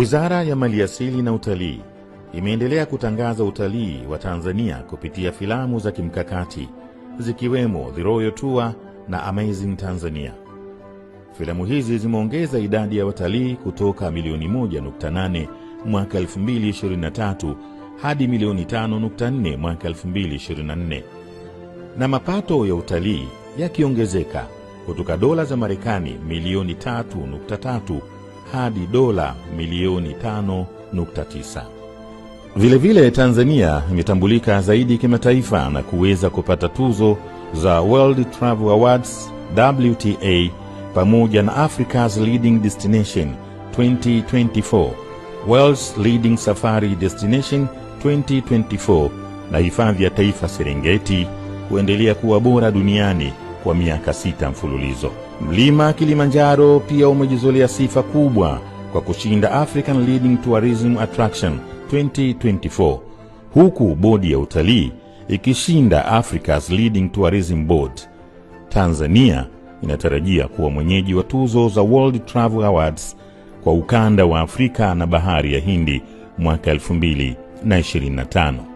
Wizara ya Maliasili na Utalii imeendelea kutangaza utalii wa Tanzania kupitia filamu za kimkakati zikiwemo The Royal Tour na Amazing Tanzania. Filamu hizi zimeongeza idadi ya watalii kutoka milioni 1.8 mwaka 2023 hadi milioni 5.4 mwaka 2024, na mapato ya utalii yakiongezeka kutoka dola za Marekani milioni 3.3 hadi dola milioni 5.9. Vilevile, Tanzania imetambulika zaidi kimataifa na kuweza kupata tuzo za World Travel Awards WTA pamoja na Africa's Leading Destination 2024, World's Leading Safari Destination 2024 na hifadhi ya taifa Serengeti kuendelea kuwa bora duniani kwa miaka sita mfululizo. Mlima Kilimanjaro pia umejizolea sifa kubwa kwa kushinda African Leading Tourism Attraction 2024 huku bodi ya utalii ikishinda Africa's Leading Tourism Board. Tanzania inatarajia kuwa mwenyeji wa tuzo za World Travel Awards kwa ukanda wa Afrika na bahari ya Hindi mwaka 2025.